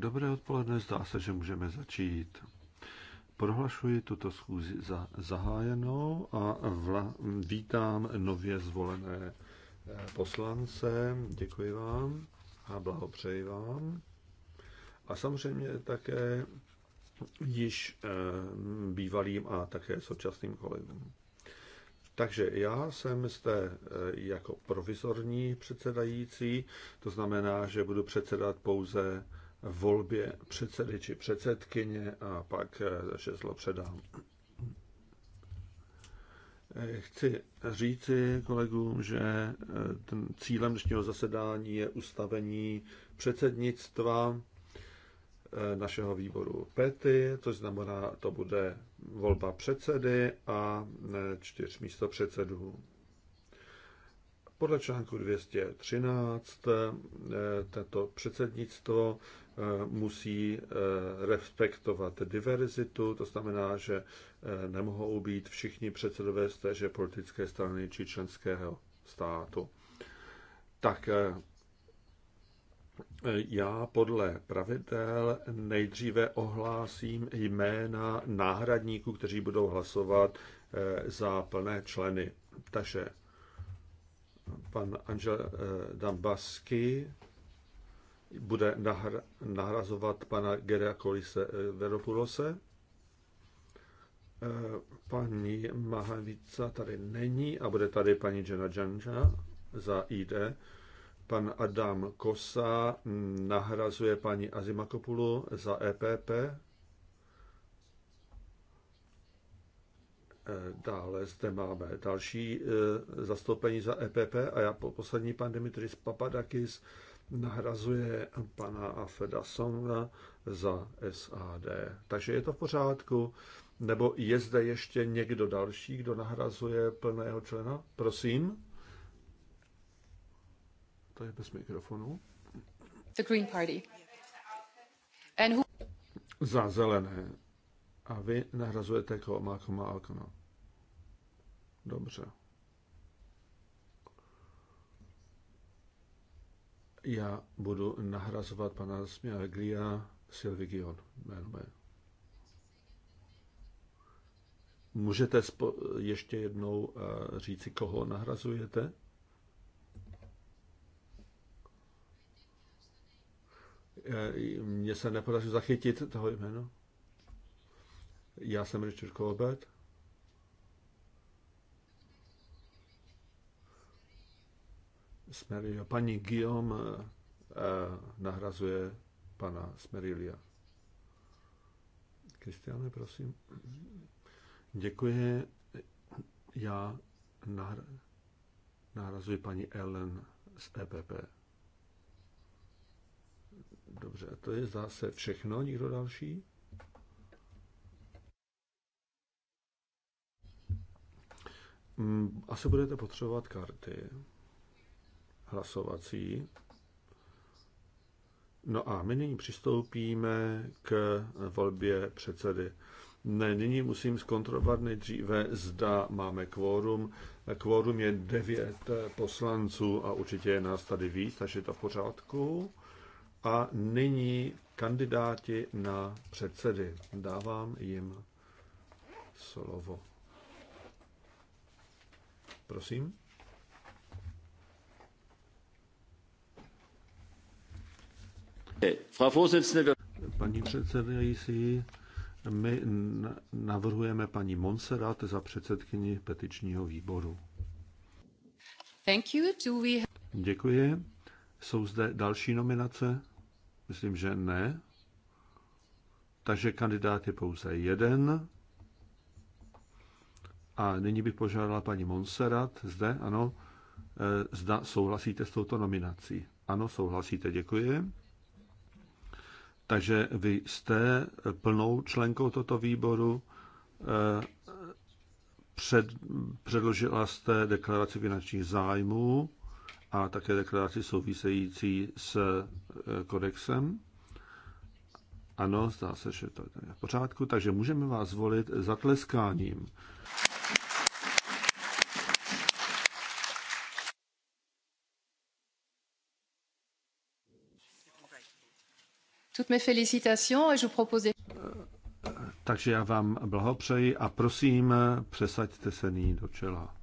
Dobré odpoledne, zdá se, že můžeme začít. Prohlašuji tuto schůzi za zahájenou a vla, vítám nově zvolené eh, poslance. Děkuji vám a blahopřeji vám. A samozřejmě také již eh, bývalým a také současným kolegům. Takže já jsem zde e, jako provizorní předsedající, to znamená, že budu předsedat pouze volbě předsedy či předsedkyně a pak e, žezlo předám. E, chci říci kolegům, že cílem dnešního zasedání je ustavení předsednictva Eh, našeho výboru PETY, To znamená, to bude volba předsedy a eh, čtyř místo předsedů. Podle článku 213 Tento eh, předsednictvo musí respektovat diverzitu, to znamená, že nemohou být všichni předsedové z téže politické strany či členského státu. Tak já podle pravidel nejdříve ohlásím jména náhradníků, kteří budou hlasovat eh, za plné členy. Takže pan Angel eh, Dambasky bude nahr- nahrazovat pana Gerea Kolise eh, Veropulose. Paní Mahavica tady není a bude tady paní Jena Janja za ID. Pan Adam Kosa nahrazuje paní Azimakopulu za EPP. E, dále zde máme další e, zastoupení za EPP a já poslední pan Dimitris Papadakis nahrazuje pana Afeda Songa za SAD. Takže je to v pořádku. Nebo je zde ještě někdo další, kdo nahrazuje plného člena? Prosím to je bez mikrofonu. The Green Party. And who... Za zelené. A vy nahrazujete jako Malcolma Alcona. Dobře. Já budu nahrazovat pana Smiaglia Silvigion jméno Můžete ještě jednou eh, říci, koho nahrazujete? Eh, mně se nepodařilo zachytit toho jméno. Já jsem Richard Colbert. Smerilio. Paní Guillaume eh, nahrazuje pana Smerilia. Kristiane, prosím. Děkuji. Já nahrazuji paní Ellen z EPP. Dobře, a to je zase všechno, nikdo další? Mm, asi budete potřebovat karty hlasovací. No a my nyní přistoupíme k volbě předsedy. Ne, nyní musím zkontrolovat nejdříve, zda máme kvórum. Kvórum je devět poslanců a určitě je nás tady víc, takže je to v pořádku. A nyní kandidáti na předsedy. Dávám jim slovo. Prosím. Paní předsedající, my navrhujeme paní Monserrat za předsedkyni petičního výboru. Děkuji. Jsou zde další nominace? Myslím, že ne. Takže kandidát je pouze jeden. A nyní bych požádala paní Monserrat zde, ano, eh, zda souhlasíte s touto nominací. Ano, souhlasíte, děkuji. Takže vy jste plnou členkou tohoto výboru, eh, před, předložila jste deklaraci finančních zájmů a také deklaraci související s e, kodexem. Ano, zdá se, že to je v pořádku, takže můžeme vás zvolit zatleskáním. E, takže já vám blahopřeji a prosím, přesaďte se ní do čela.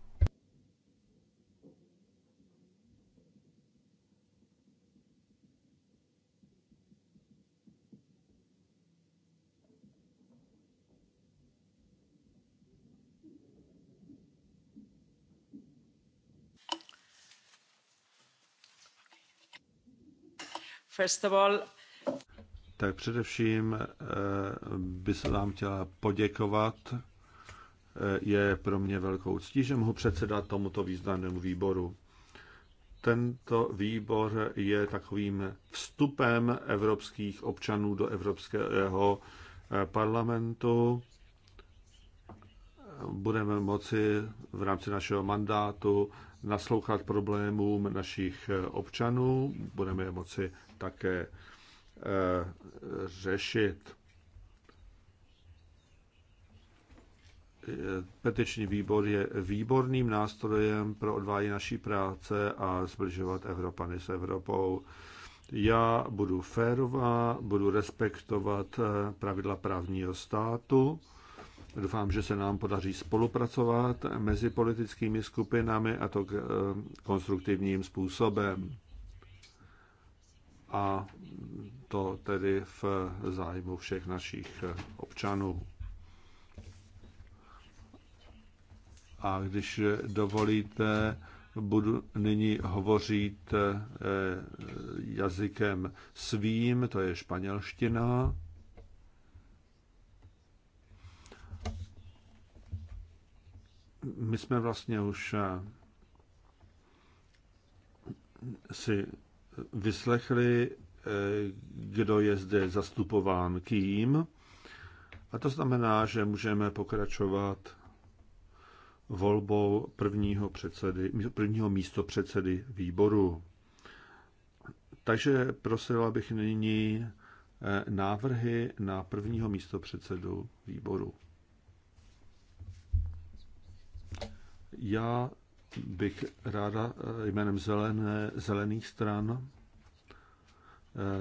tak především eh, bych vám chtěla poděkovat. Eh, je pro mě velkou ctí, že mohu předsedat tomuto významnému výboru. Tento výbor je takovým vstupem evropských občanů do Evropského eh, parlamentu. Budeme moci v rámci našeho mandátu naslouchat problémům našich eh, občanů, budeme je moci také eh, řešit. Eh, petiční výbor je výborným nástrojem pro odvádění naší práce a zbližovat Evropany s Evropou. Já budu férová, budu respektovat pravidla právního státu Doufám, že se nám podaří spolupracovat mezi politickými skupinami a to eh, konstruktivním způsobem. A to tedy v zájmu všech našich eh, občanů. A když dovolíte, budu nyní hovořit eh, jazykem svým, to je španělština. my jsme vlastně už eh, si vyslechli, eh, kdo je zde zastupován kým. A to znamená, že můžeme pokračovat volbou prvního, předsedy, prvního místo předsedy výboru. Takže prosila bych nyní eh, návrhy na prvního místo předsedu výboru. Já bych ráda eh, jménem zelené, zelených stran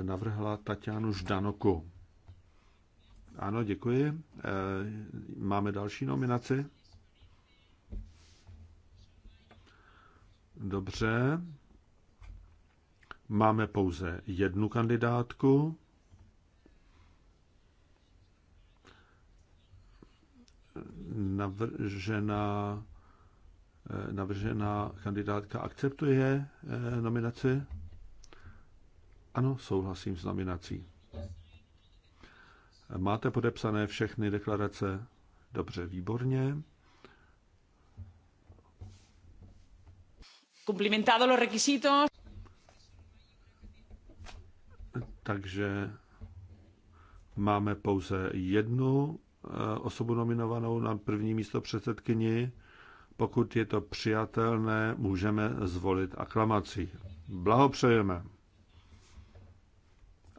eh, navrhla Tatianu Ždanoku. Ano, děkuji. Eh, máme další nominaci? Dobře. Máme pouze jednu kandidátku. Navržená Eh, navržená kandidátka akceptuje eh, nominaci? Ano, souhlasím s nominací. Máte podepsané všechny deklarace? Dobře, výborně. Cumplimentado los requisitos. Takže máme pouze jednu eh, osobu nominovanou na první místo předsedkyni pokud je to přijatelné, můžeme zvolit aklamací. Blahopřejeme.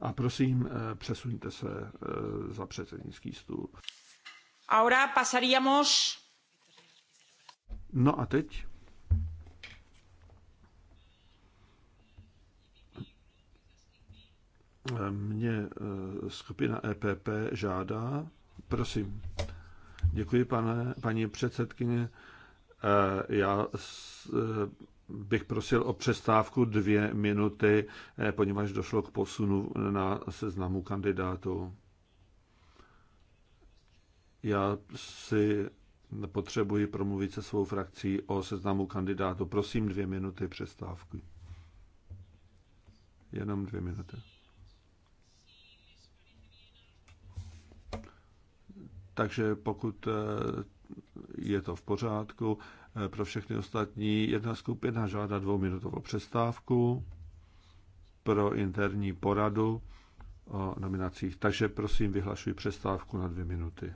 A prosím, eh, přesuňte se eh, za předsednický stůl. Ahora pasaríamos... No a teď? Eh, mě skupina EPP žádá. Prosím. Děkuji, pane, paní předsedkyně. Eh, já eh, bych prosil o přestávku dvě minuty, eh, poněvadž došlo k posunu na seznamu kandidátů. Já si potřebuji promluvit se svou frakcí o seznamu kandidátů. Prosím dvě minuty přestávky. Jenom dvě minuty. Takže pokud je to v pořádku. Eh, pro všechny ostatní jedna skupina žádá dvouminutovou přestávku pro interní poradu o nominacích. Takže prosím, vyhlašuji přestávku na dvě minuty.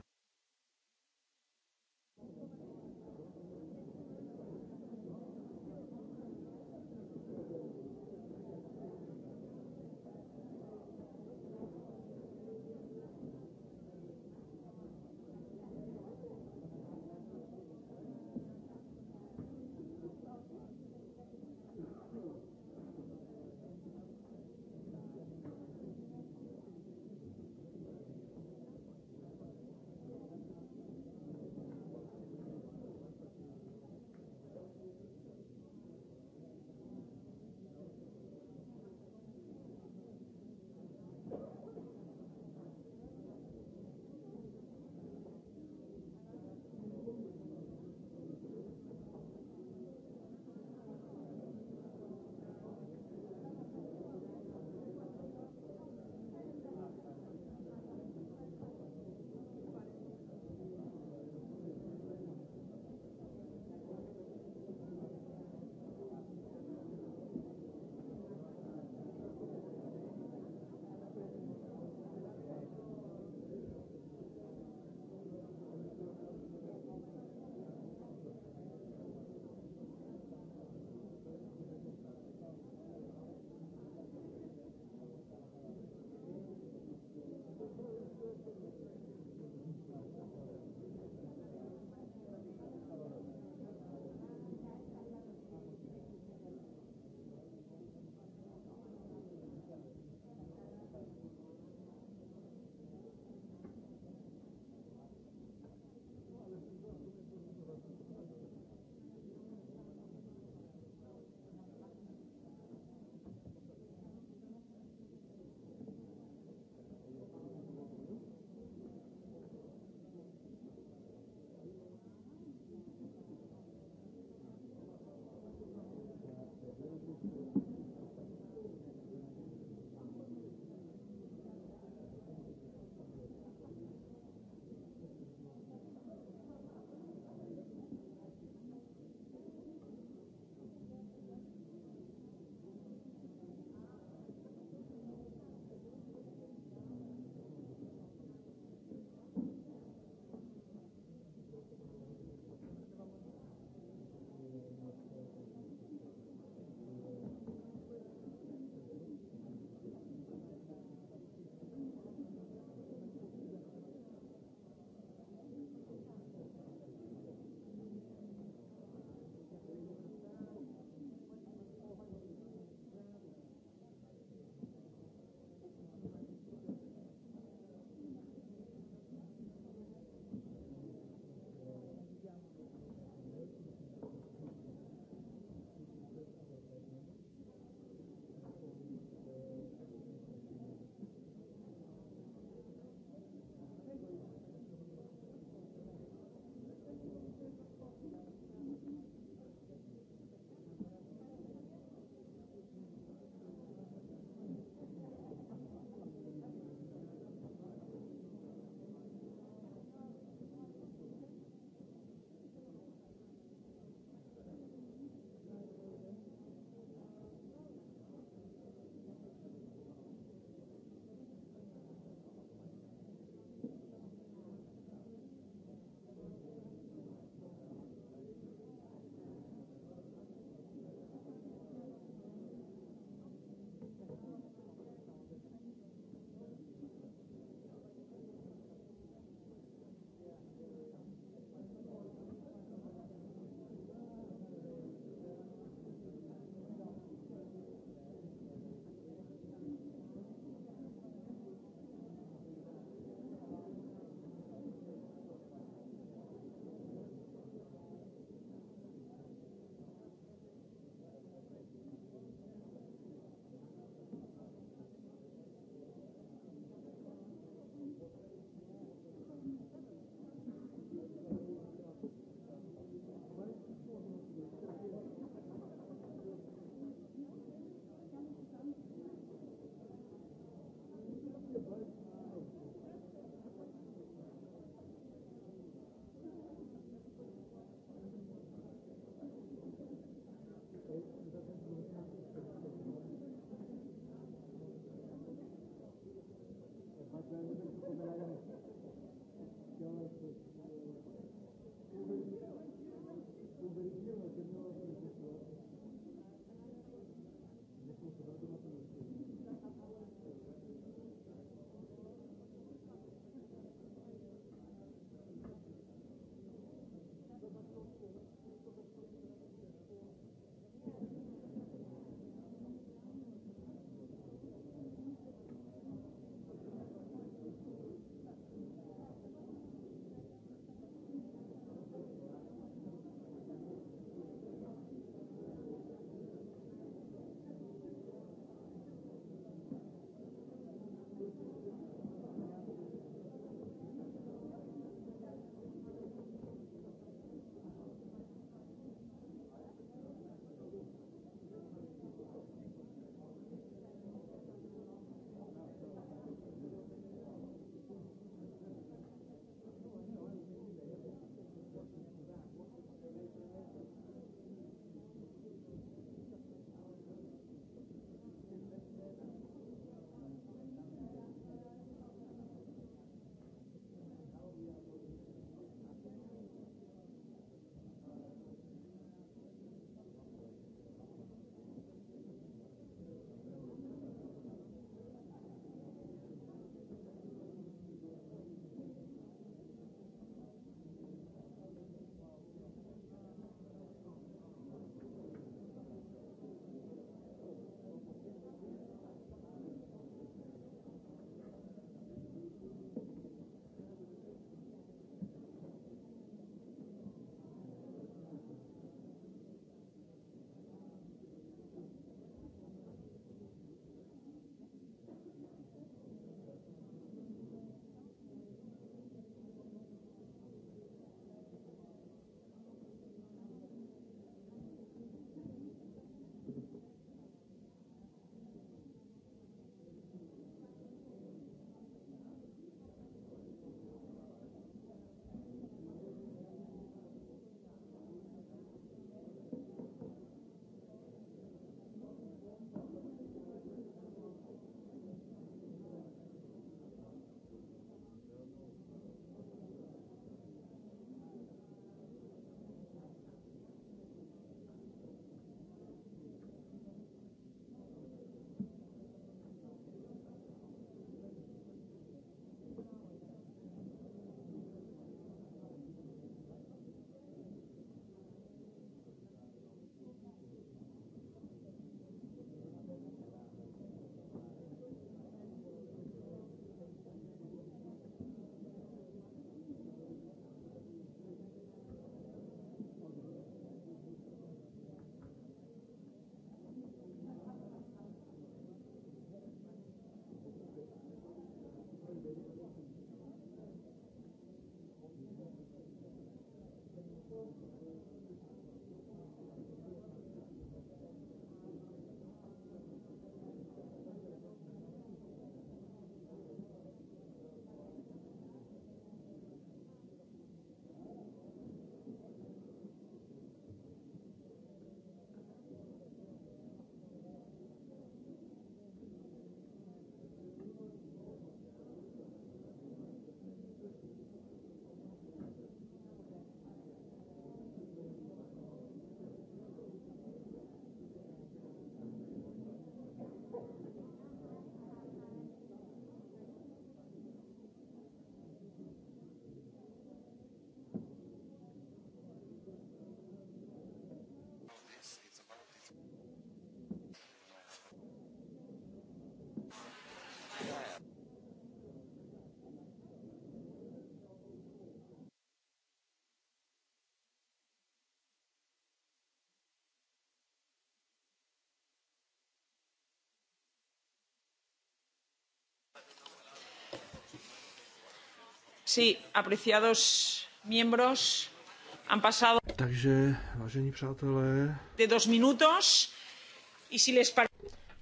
Takže, vážení přátelé... De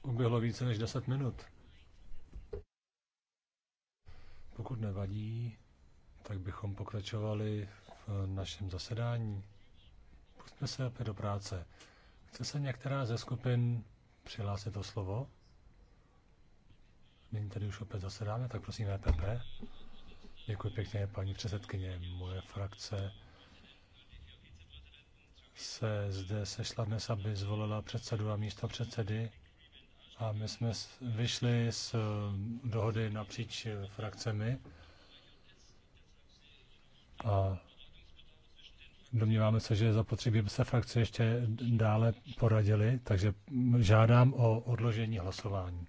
Uběhlo více než 10 minut. Pokud nevadí, tak bychom pokračovali v našem zasedání. Pustme se opět do práce. Chce se některá ze skupin přihlásit o slovo? Nyní tady už opět zasedáme, tak prosím EPP. Děkuji pěkně, paní předsedkyně. Moje frakce se zde sešla dnes, aby zvolila předsedu a místo předsedy. A my jsme vyšli z eh, dohody napříč frakcemi. A domníváme se, že je zapotřebí, aby se frakce ještě dále poradily, takže žádám o odložení hlasování.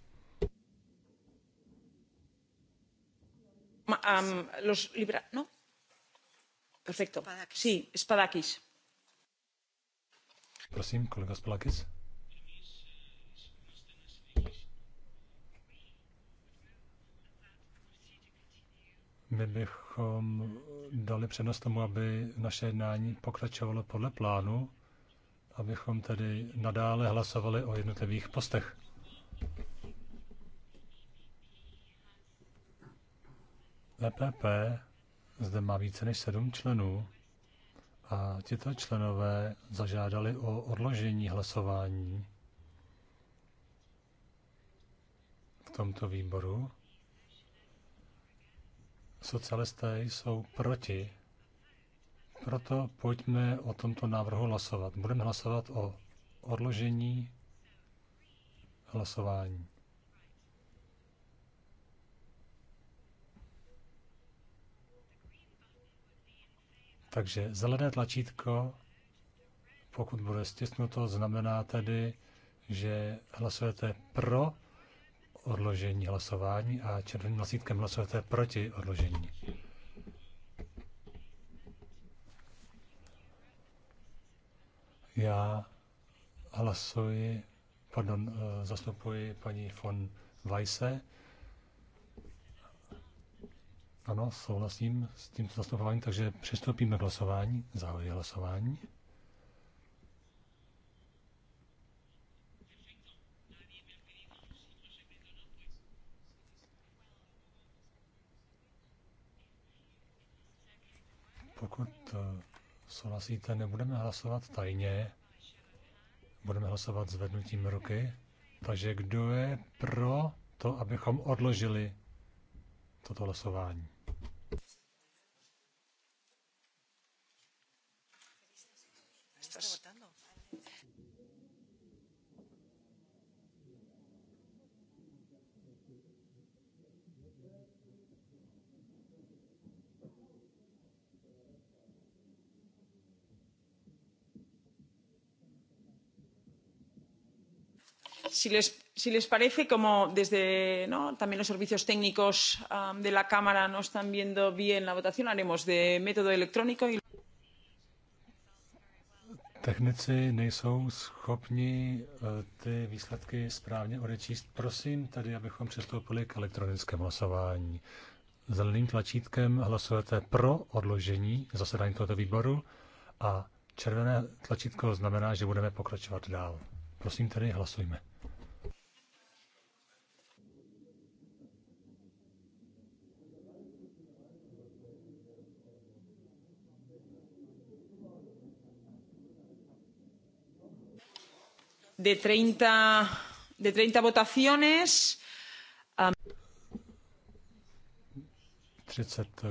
Um, los ¿No? Perfecto. Sí, Spadakis. Prosím, kolega Spadakis. my bychom dali přednost tomu, aby naše jednání pokračovalo podle plánu, abychom tedy nadále hlasovali o jednotlivých postech. VPP e zde má více než sedm členů a tito členové zažádali o odložení hlasování v tomto výboru. Socialisté jsou proti. Proto pojďme o tomto návrhu hlasovat. Budeme hlasovat o odložení hlasování. Takže zelené tlačítko, pokud bude stisnuto, znamená tedy, že hlasujete pro odložení hlasování a červeným hlasítkem hlasujete proti odložení. Já hlasuji, pardon, zastupuji paní von Weisse, ano, souhlasím s tím zastupováním, takže přistoupíme k hlasování. Zahajuji hlasování. Pokud eh, souhlasíte, nebudeme hlasovat tajně, budeme hlasovat zvednutím ruky. Takže kdo je pro to, abychom odložili toto losování. Estas si les, parece, como ¿no? también los servicios técnicos de la Cámara no están viendo bien la votación, haremos de método electrónico. Y... Technici nejsou schopni eh, ty výsledky správně odečíst. Prosím tady, abychom přistoupili k elektronickému hlasování. Zeleným tlačítkem hlasujete pro odložení zasedání tohoto výboru a červené tlačítko znamená, že budeme pokračovat dál. Prosím tedy, hlasujme. de 30, votaciones. Um...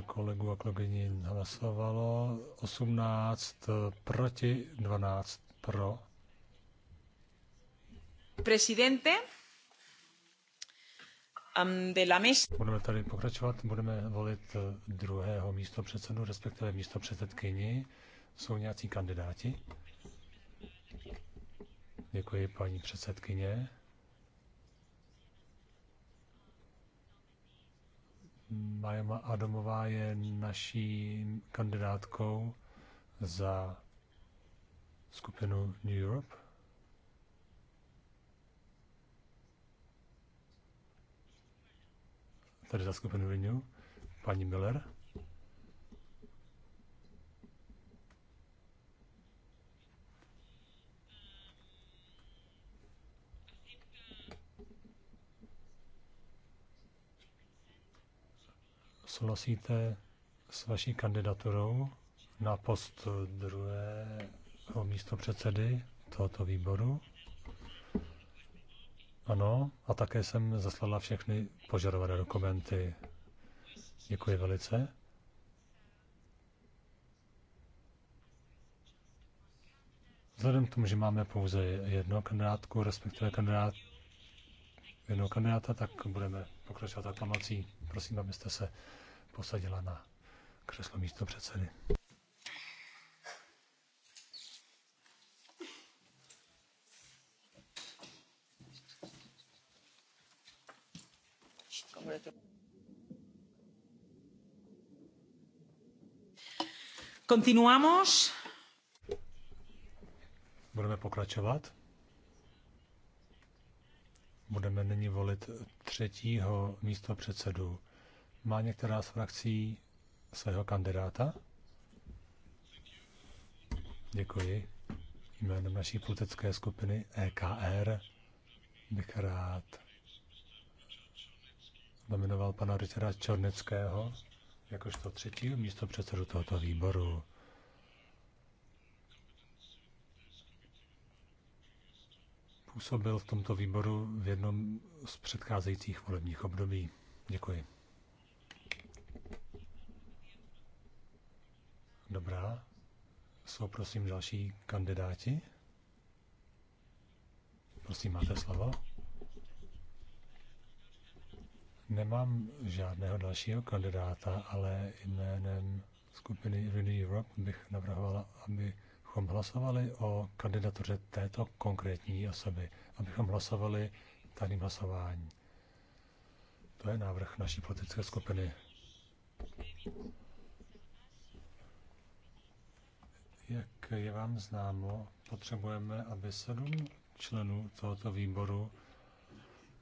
kolegů a kolegyní hlasovalo, 18 proti, 12 pro. Presidente um, de la mesa. Budeme tady pokračovat, budeme volit druhého místo předsedu, respektive místo předsedkyni. Jsou nějací kandidáti? Děkuji, paní předsedkyně. Majma Adamová je naší kandidátkou za skupinu New Europe. Tady za skupinu Renew, paní Miller. souhlasíte s vaší kandidaturou na post druhého místo předsedy tohoto výboru? Ano, a také jsem zaslala všechny požadované dokumenty. Děkuji velice. Vzhledem k tomu, že máme pouze jednu kandidátku, respektive kandidát, jednoho kandidáta, tak budeme pokračovat aklamací. Prosím, abyste se posadila na křeslo místo předsedy. Continuamos. Budeme pokračovat. Budeme nyní volit třetího místo předsedu. Má některá z frakcí svého kandidáta? Děkuji. Jménem naší politické skupiny EKR bych rád nominoval pana Richarda Čornického jakožto třetího místo předsedu tohoto výboru. působil v tomto výboru v jednom z předcházejících volebních období. Děkuji. Dobrá. Jsou prosím další kandidáti. Prosím, máte slovo. Nemám žádného dalšího kandidáta, ale jménem skupiny Renew Europe bych navrhovala, aby abychom hlasovali o kandidatuře této konkrétní osoby, abychom hlasovali tajným hlasování. To je návrh naší politické skupiny. Jak je vám známo, potřebujeme, aby sedm členů tohoto výboru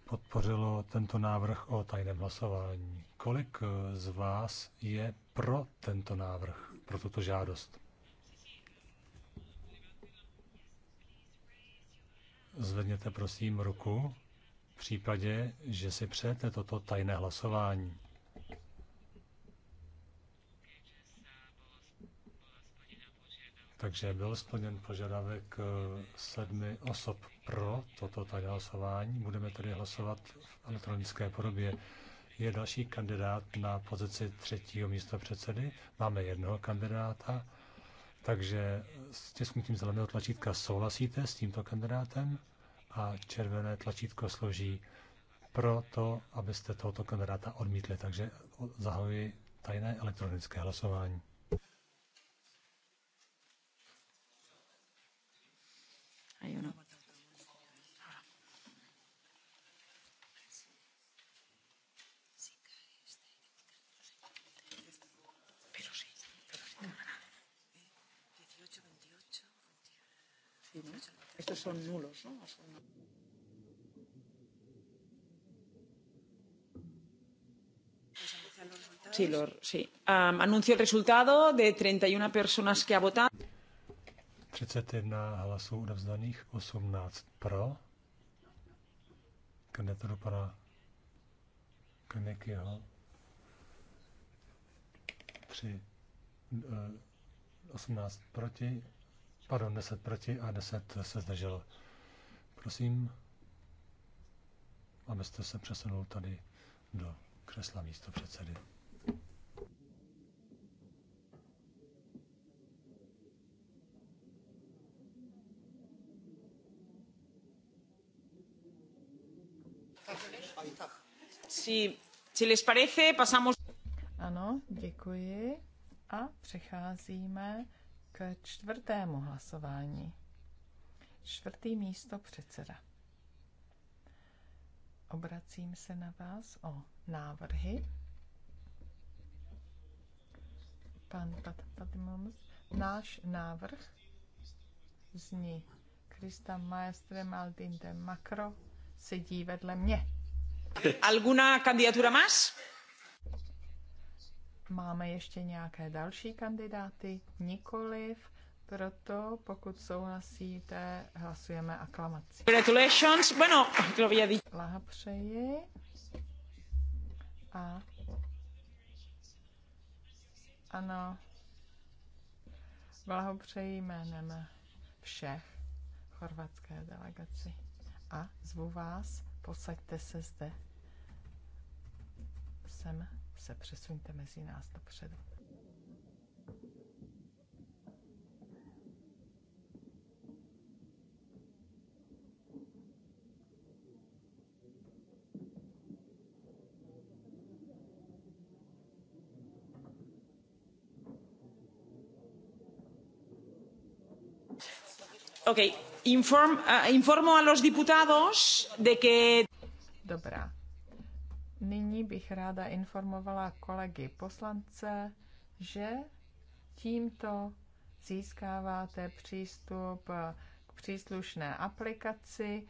podpořilo tento návrh o tajném hlasování. Kolik z vás je pro tento návrh, pro tuto žádost? zvedněte prosím ruku v případě, že si přejete toto tajné hlasování. Takže byl splněn požadavek eh, sedmi osob pro toto tajné hlasování. Budeme tedy hlasovat v elektronické podobě. Je další kandidát na pozici třetího místa předsedy. Máme jednoho kandidáta. Takže s těsknutím zeleného tlačítka souhlasíte s tímto kandidátem a červené tlačítko složí pro to, abyste tohoto kandidáta odmítli. Takže zahajuji tajné elektronické hlasování. I don't know. son nulos. ¿no? O no. Sí, lo, sí. Um, anuncio el resultado de 31 personas que ha votado. 31 hlasů odevzdaných, 18 pro. Kandidatura pana Kanekyho. 3, 18 proti, Pardon, 10 proti a 10 se zdrželo. Prosím, abyste se přesunul tady do křesla místo předsedy. Ano, děkuji. A přecházíme čtvrtému hlasování. Čtvrtý místo předseda. Obracím se na vás o návrhy. Pan Patimomus, náš návrh zní Krista Maestre de Macro sedí vedle mě. Alguna candidatura más? Máme ještě nějaké další kandidáty? Nikoliv. Proto, pokud souhlasíte, hlasujeme aklamací. Congratulations. Bueno, lo Blahopřeji. A ano, blahopřeji jménem všech chorvatské delegaci. A zvu vás, posaďte se zde. Jsem se přesuňte mezi nás dopředu. Okay. Inform, uh, informo a los diputados de que... Dobrá. Nyní bych ráda informovala kolegy poslance, že tímto získáváte přístup k příslušné aplikaci,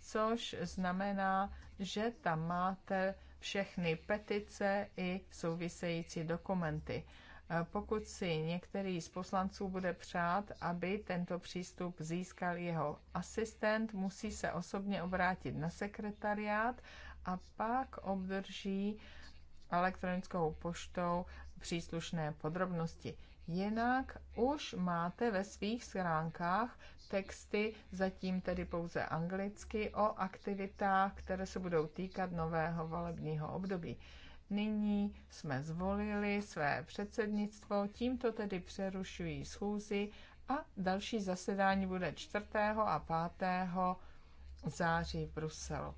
což znamená, že tam máte všechny petice i související dokumenty. Pokud si některý z poslanců bude přát, aby tento přístup získal jeho asistent, musí se osobně obrátit na sekretariát a pak obdrží elektronickou poštou příslušné podrobnosti. Jinak už máte ve svých schránkách texty, zatím tedy pouze anglicky, o aktivitách, které se budou týkat nového volebního období. Nyní jsme zvolili své předsednictvo, tímto tedy přerušují schůzi a další zasedání bude 4. a 5. září v Bruselu.